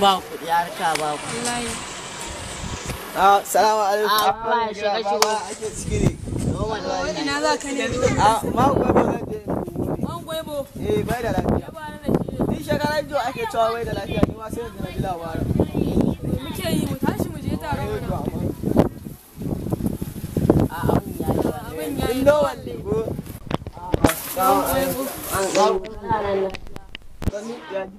ba kuɗi harka ba kuɗi. Ah, salamu alaikum. A ah, ba Ake za ka ne. A ah, ma gwaibo zan je. Eh bai da lafiya. Ni ake cewa bai da lafiya ni ma sai labarin. Muke yi mu tashi mu je taron eh, abin ya yi. Abin ya yi. Indo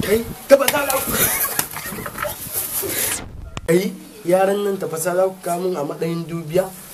kai tafasa za ku ai yaran nan tafasa za ku kamun a matsayin dubiya